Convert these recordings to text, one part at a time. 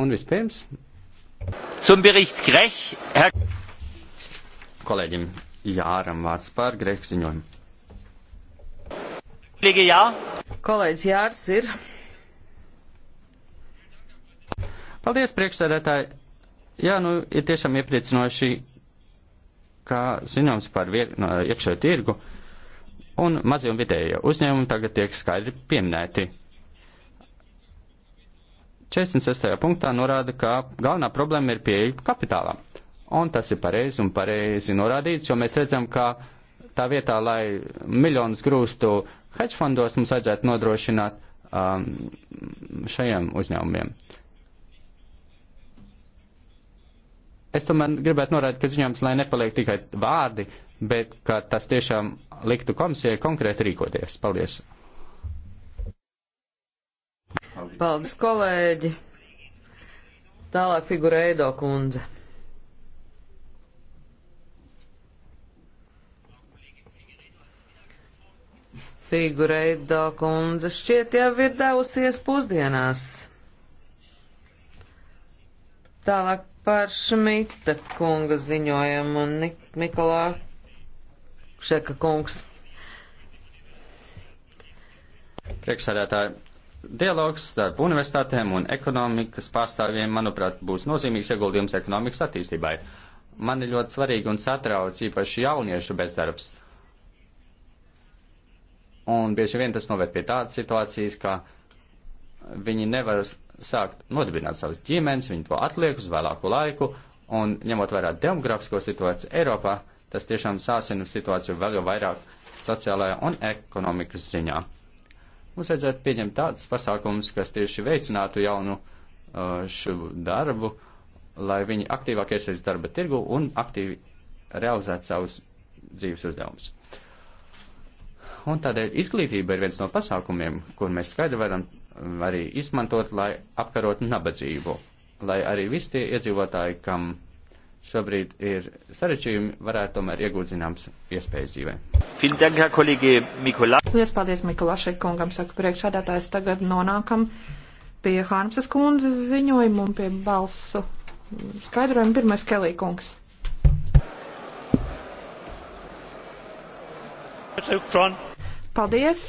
Un vispirms. Zum bericht Grech. Her... Kolēģim Jāram vārds par Greku ziņojumu. Kolēģi Jā. Kolēģis Jārs ir. Paldies, priekšsēdētāji. Jā, nu ir tiešām iepriecinoši, ka ziņojums par viek, no, iekšējo tirgu un mazie un vidējo uzņēmumu tagad tiek skaidri pieminēti. 46. punktā norāda, ka galvenā problēma ir pieeja kapitālam. Un tas ir pareizi un pareizi norādīts, jo mēs redzam, ka tā vietā, lai miljonus grūstu hedge fondos, mums vajadzētu nodrošināt um, šajiem uzņēmumiem. Es tomēr gribētu norādīt, ka ziņojums, lai nepaliek tikai vārdi, bet ka tas tiešām liktu komisijai konkrēti rīkoties. Paldies! Paldies, kolēģi! Tālāk figura Eido kundze. Figura Eido kundze šķiet jau ir devusies pusdienās. Tālāk par Šmita kunga ziņojumu un Nik Nikolā Šeka kungs. Priekšsādātāji, Dialogs starp universitātēm un ekonomikas pārstāvjiem, manuprāt, būs nozīmīgs ieguldījums ekonomikas attīstībai. Man ir ļoti svarīgi un satrauc īpaši jauniešu bezdarbs. Un bieži vien tas noved pie tādas situācijas, ka viņi nevar sākt nodibināt savas ģimenes, viņi to atliek uz vēlāku laiku, un ņemot vērā demografisko situāciju Eiropā, tas tiešām sāsina situāciju vēl jau vairāk sociālajā un ekonomikas ziņā. Mums vajadzētu pieņemt tādus pasākumus, kas tieši veicinātu jaunu uh, šo darbu, lai viņi aktīvāk iesaistītu darba tirgu un aktīvi realizētu savus dzīves uzdevumus. Un tādēļ izglītība ir viens no pasākumiem, kur mēs skaidri varam um, arī izmantot, lai apkarot nabadzību, lai arī visi tie iedzīvotāji, kam šobrīd ir sarečījumi, varētu tomēr iegūt zināms iespējas dzīvē. Lielas paldies Mikulašai kungam, saka priekšādātājs. Tagad nonākam pie Hārmsas kundzes ziņojumu un pie balsu skaidrojumu. Pirmais Kelī kungs. Paldies!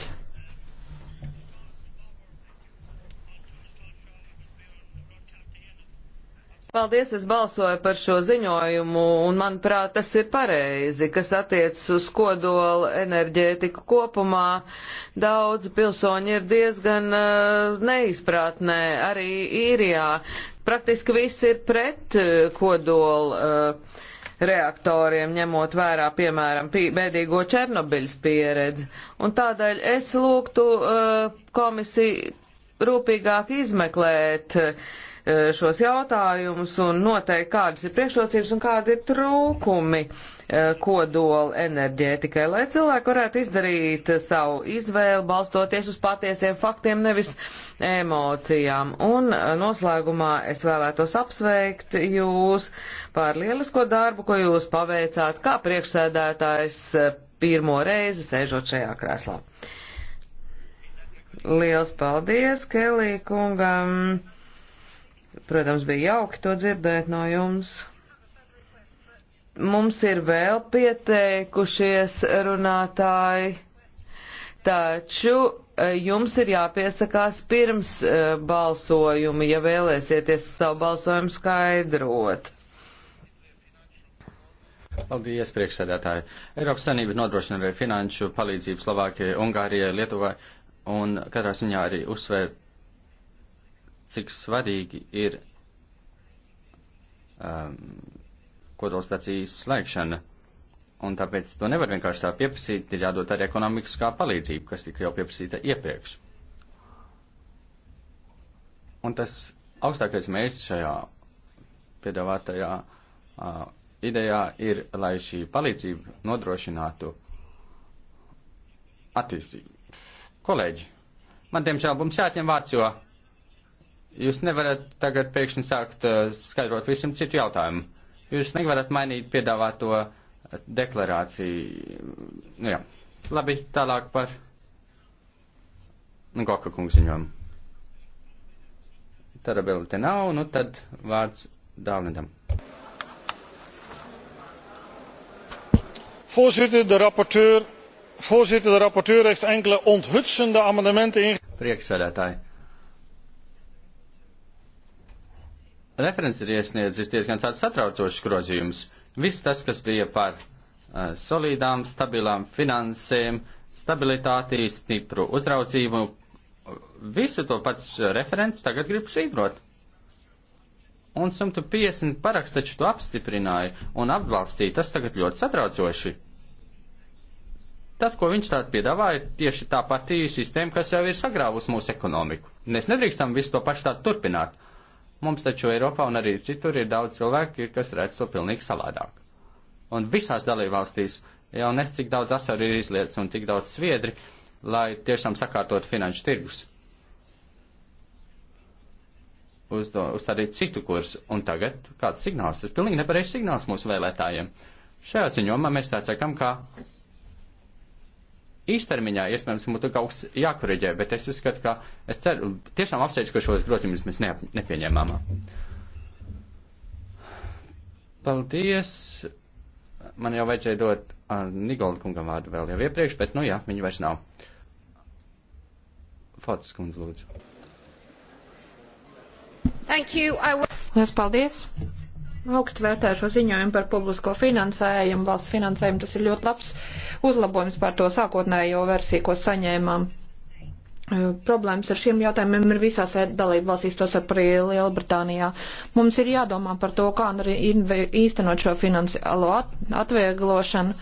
Paldies, es balsoju par šo ziņojumu, un manuprāt, tas ir pareizi, kas attiecas uz kodolu enerģētiku kopumā. Daudz pilsoņi ir diezgan uh, eh, neizprātnē, arī īrijā. Praktiski viss ir pret uh, eh, kodolu uh, eh, reaktoriem, ņemot vērā, piemēram, pī, bēdīgo Černobiļas pieredzi. Un tādēļ es lūgtu uh, komisiju rūpīgāk izmeklēt. Uh, E, šos jautājumus un noteikti kādas ir priekšrocības un kādi ir trūkumi e, kodola enerģētikai, lai cilvēki varētu izdarīt savu izvēlu, balstoties uz patiesiem faktiem, nevis emocijām. Un e, noslēgumā es vēlētos apsveikt jūs par lielisko darbu, ko jūs paveicāt kā priekšsēdētājs pirmo reizi sēžot šajā krēslā. Liels paldies, Kelī kungam! Protams, bija jauki to dzirdēt no jums. Mums ir vēl pieteikušies runātāji, taču e, jums ir jāpiesakās pirms e, balsojuma, ja vēlēsieties savu balsojumu skaidrot. Paldies, priekšsēdētāji. Eiropas Sanība nodrošina arī finanšu palīdzību Slovākijai, Ungārijai, Lietuvai un katrā ziņā arī uzsver cik svarīgi ir um, kodolstacijas slēgšana. Un tāpēc to nevar vienkārši tā pieprasīt, ir jādod arī ekonomiskā palīdzība, kas tika jau pieprasīta iepriekš. Un tas augstākais mērķis šajā piedāvātajā uh, idejā ir, lai šī palīdzība nodrošinātu attīstību. Kolēģi, man diemžēl mums jāatņem vārds, jo Jūs nevarat tagad pēkšņi sākt uh, skaidrot visam citu jautājumu. Jūs nevarat mainīt piedāvāto uh, deklarāciju. Nu, jā. Labi, tālāk par nu, Goka kungu ziņojumu. Tarabela te nav, nu tad vārds Dālnedam. Voorzitter, de rapporteur, voorzitter, de rapporteur heeft enkele onthutsende amendementen ingediend. Referents ir iesniedzis diezgan tāds satraucošs grozījums. Viss tas, kas bija par uh, solīdām, stabilām finansēm, stabilitāti, stipru uzraudzību, visu to pats referents tagad grib svītrot. Un 150 paraksts taču to apstiprināja un apbalstīja. Tas tagad ļoti satraucoši. Tas, ko viņš tādu piedāvāja, ir tieši tā pati sistēma, kas jau ir sagrāvusi mūsu ekonomiku. Mēs nedrīkstam visu to pašu tādu turpināt. Mums taču Eiropā un arī citur ir daudz cilvēku, kas redz to pilnīgi savādāk. Un visās dalībvalstīs jau nes cik daudz asaru ir izlietas un tik daudz sviedri, lai tiešām sakārtot finanšu tirgus. Uz, to, uz tādī citu kursu. Un tagad kāds signāls, tas pilnīgi nepareizs signāls mūsu vēlētājiem. Šajā ziņomā mēs tā sakam, ka īstermiņā iespējams mums tur kaut kas jākoriģē, bet es uzskatu, ka es ceru, tiešām apsveicu, ka šos grozījumus mēs ne, nepieņēmām. Paldies! Man jau vajadzēja dot uh, Nigolda kungam vārdu vēl jau iepriekš, bet nu jā, viņa vairs nav. Fotis kundze, lūdzu. Thank you. I... Lielas paldies! Augstu vērtēju šo ziņojumu par publisko finansējumu, valsts finansējumu. Tas ir ļoti labs uzlabojums par to sākotnējo versiju, ko saņēmām. Problēmas ar šiem jautājumiem ir visās dalību valstīs, tos ar Lielbritānijā. Mums ir jādomā par to, kā arī īstenot šo finansiālo atvieglošanu.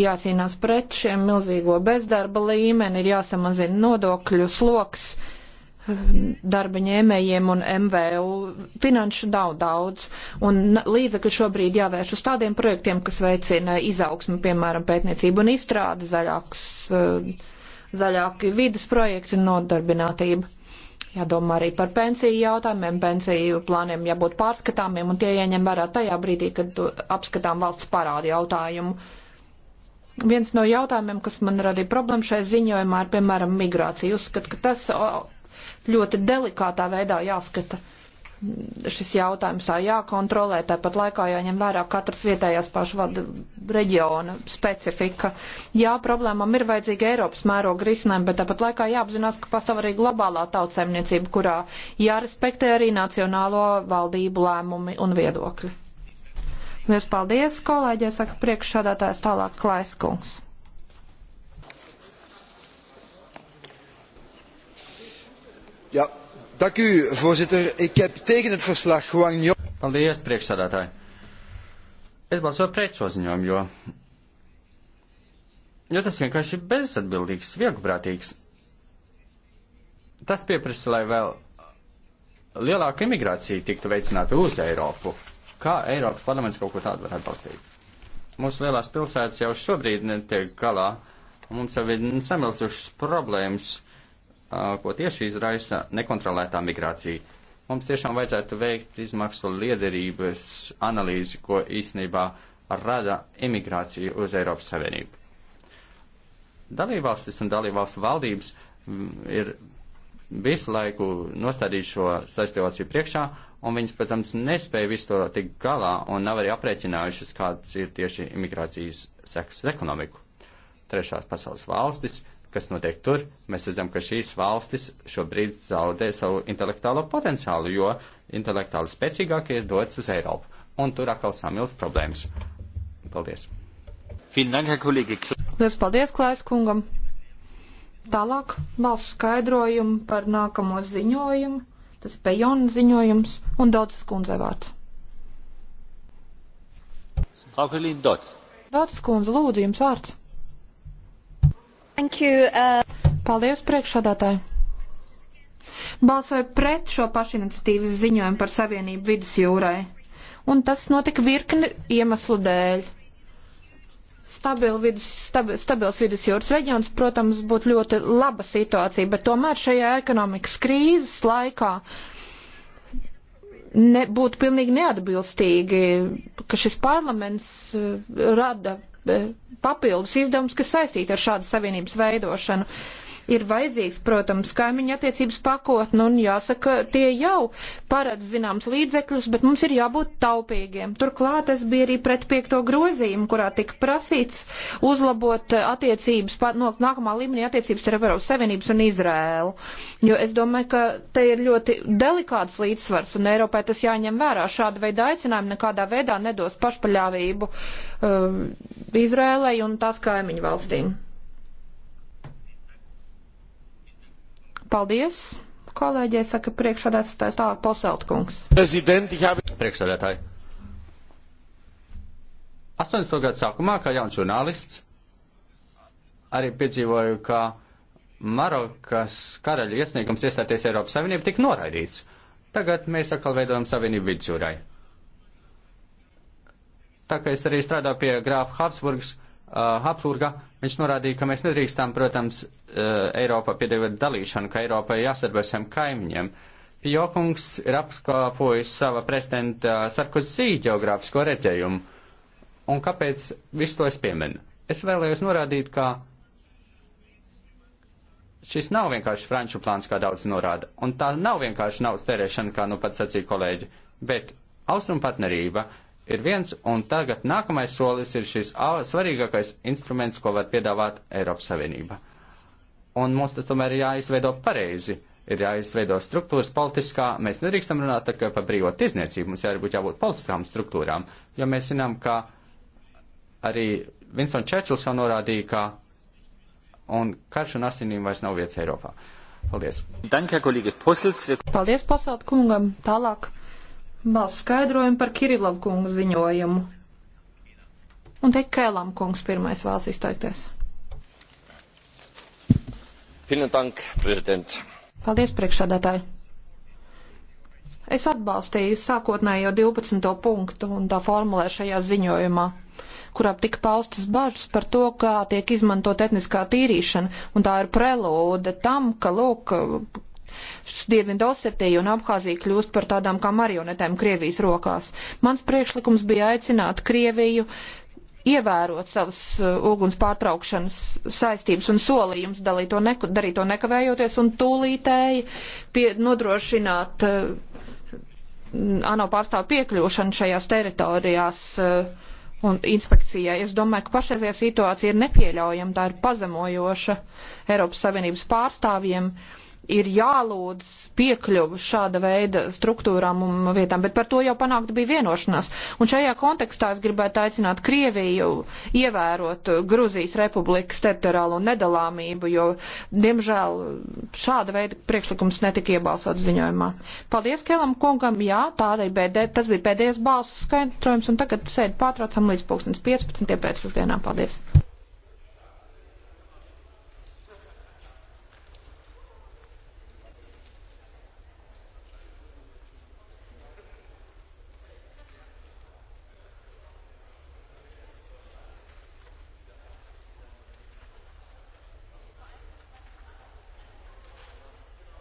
Jācīnās pret šiem milzīgo bezdarba līmeni, ir jāsamazina nodokļu sloks. Uh, darba ņēmējiem un MVU. Finanšu nav daudz, un līdzekļi šobrīd jāvērš uz tādiem projektiem, kas veicina izaugsmu, piemēram, pētniecību un izstrādi, zaļāks, eh, zaļāki vidas projekti un nodarbinātība. Jādomā arī par pensiju jautājumiem, pensiju plāniem jābūt pārskatāmiem, un tie jāņem vērā tajā brīdī, kad apskatām valsts parādu jautājumu. Viens no jautājumiem, kas man radīja problēmu šai ziņojumā, ir, piemēram, migrācija. Uzskat, ka tas ļoti delikātā veidā jāskata šis jautājums, tā jākontrolē, tāpat laikā jāņem vērā katras vietējās pašvalda reģiona specifika. Jā, problēmām ir vajadzīga Eiropas mēroga risinājuma, bet tāpat laikā jāapzinās, ka pastāv arī globālā tautsēmniecība, kurā jārespektē arī nacionālo valdību lēmumi un viedokļi. Lielas paldies, kolēģi, saka priekšsādātājs tālāk Klaiskungs. Voorzitter, ik heb tegen het verslag Huang Jong. Paldies, priekšsādātāji. Es balsoju pret šo ziņojumu, jo, jo tas vienkārši ir bezatbildīgs, vieglprātīgs. Tas pieprasa, lai vēl lielāka imigrācija tiktu veicināta uz Eiropu. Kā Eiropas parlaments kaut ko tādu var atbalstīt? Mūsu lielās pilsētas jau šobrīd netiek galā, un mums jau ir samilcušas problēmas ko tieši izraisa nekontrolētā migrācija. Mums tiešām vajadzētu veikt izmaksu liederības analīzi, ko īstenībā rada imigrācija uz Eiropas Savienību. Dalībvalstis un dalībvalstu valdības mm, ir visu laiku nostādījuši šo situāciju priekšā, un viņas, protams, nespēja visu to tik galā un nav arī aprēķinājušas, kāds ir tieši imigrācijas seks ekonomiku. Trešās pasaules valstis kas notiek tur, mēs redzam, ka šīs valstis šobrīd zaudē savu intelektuālo potenciālu, jo intelektuāli spēcīgākie dodas uz Eiropu. Un tur atkal samilst problēmas. Paldies. Lielas paldies, Klais kungam. Tālāk valsts skaidrojumu par nākamo ziņojumu. Tas ir Pejona ziņojums un daudzas kundze vārds. Frau Kolīna Dots. Dots kundze, lūdzu, jums vārds. Thank you. Uh... Paldies, priekšsādātāji. Balsoju pret šo pašiniciatīvas ziņojumu par savienību vidusjūrai. Un tas notika virkni iemeslu dēļ. Stabil vidus, stabi, stabils vidusjūras reģions, protams, būtu ļoti laba situācija, bet tomēr šajā ekonomikas krīzes laikā ne, būtu pilnīgi neatbilstīgi, ka šis parlaments uh, rada papildus izdevumus, kas saistīti ar šādu savienības veidošanu ir vajadzīgs, protams, kaimiņa attiecības pakotne, un jāsaka, tie jau paredz zināms līdzekļus, bet mums ir jābūt taupīgiem. Turklāt es biju arī pret piekto grozījumu, kurā tika prasīts uzlabot attiecības, no nākamā līmenī attiecības starp Eiropas Savienības un Izrēlu, jo es domāju, ka te ir ļoti delikāts līdzsvars, un Eiropai tas jāņem vērā. Šāda veida aicinājumi nekādā veidā nedos pašpaļāvību uh, Izrēlai un tās kaimiņu valstīm. Mm. Paldies, kolēģi, saka priekšsādātājs tālāk Poseltkungs. Priekšsādātāji. 80. gadu sākumā, kā jauns žurnālists, arī piedzīvoju, ka Marokas karaļa iesniegums iestāties Eiropas Savienību tika noraidīts. Tagad mēs atkal veidojam Savienību vidusjūrai. Tā kā es arī strādāju pie grāfa Habsburgas Uh, Habsburga, viņš norādīja, ka mēs nedrīkstām, protams, uh, Eiropā piedēvēt dalīšanu, ka Eiropā ir jāsadarbojas ar kaimiņiem. Pjokungs ir apskāpojis sava prezidenta Sarkozī geogrāfisko redzējumu. Un kāpēc visu to es pieminu? Es vēlējos norādīt, ka šis nav vienkārši franču plāns, kā daudz norāda, un tā nav vienkārši naudas tērēšana, kā nu pat sacīja kolēģi, bet austrumu partnerība ir viens, un tagad nākamais solis ir šis svarīgākais instruments, ko var piedāvāt Eiropas Savienība. Un mums tas tomēr ir jāizveido pareizi, ir jāizveido struktūras politiskā, mēs nedrīkstam runāt tikai par brīvo tirzniecību, mums jābūt jābūt politiskām struktūrām, jo mēs zinām, ka arī Vinsons Čērčils jau norādīja, ka un karš un asinīm vairs nav vietas Eiropā. Paldies. Danke, kolīgi Puselts. Paldies, Pasaut kungam. Tālāk balsu skaidrojumu par Kirilovu kungu ziņojumu. Un te Kēlam kungs pirmais vēlas izteikties. Dank, Paldies, priekšsādātāji. Es atbalstīju sākotnējo 12. punktu un tā formulē šajā ziņojumā kurā tika paustas bažas par to, kā tiek izmantot etniskā tīrīšana, un tā ir prelūde tam, ka, lūk, Dienvidosetija un Abhāzija kļūst par tādām kā marionetēm Krievijas rokās. Mans priekšlikums bija aicināt Krieviju ievērot savas uh, uguns pārtraukšanas saistības un solījumus, to neko, darīt to nekavējoties un tūlītēji pie, nodrošināt uh, ANO pārstāvu piekļūšanu šajās teritorijās. Uh, un inspekcijai. Es domāju, ka pašreizajā situācija ir nepieļaujama, tā ir pazemojoša Eiropas Savienības pārstāvjiem. Uh, ir jālūdz piekļuvu šāda veida struktūrām un vietām, bet par to jau panākt bija vienošanās. Un šajā kontekstā es gribētu aicināt Krieviju ievērot Gruzijas republikas teritoriālo nedalāmību, jo, diemžēl, šāda veida priekšlikums netika iebalsots ziņojumā. Paldies Kelam kungam, jā, tāda ir BD, tas bija pēdējais balsu skaidrojums, un tagad sēdi pārtraucam līdz 2015. pēcpusdienā. Paldies!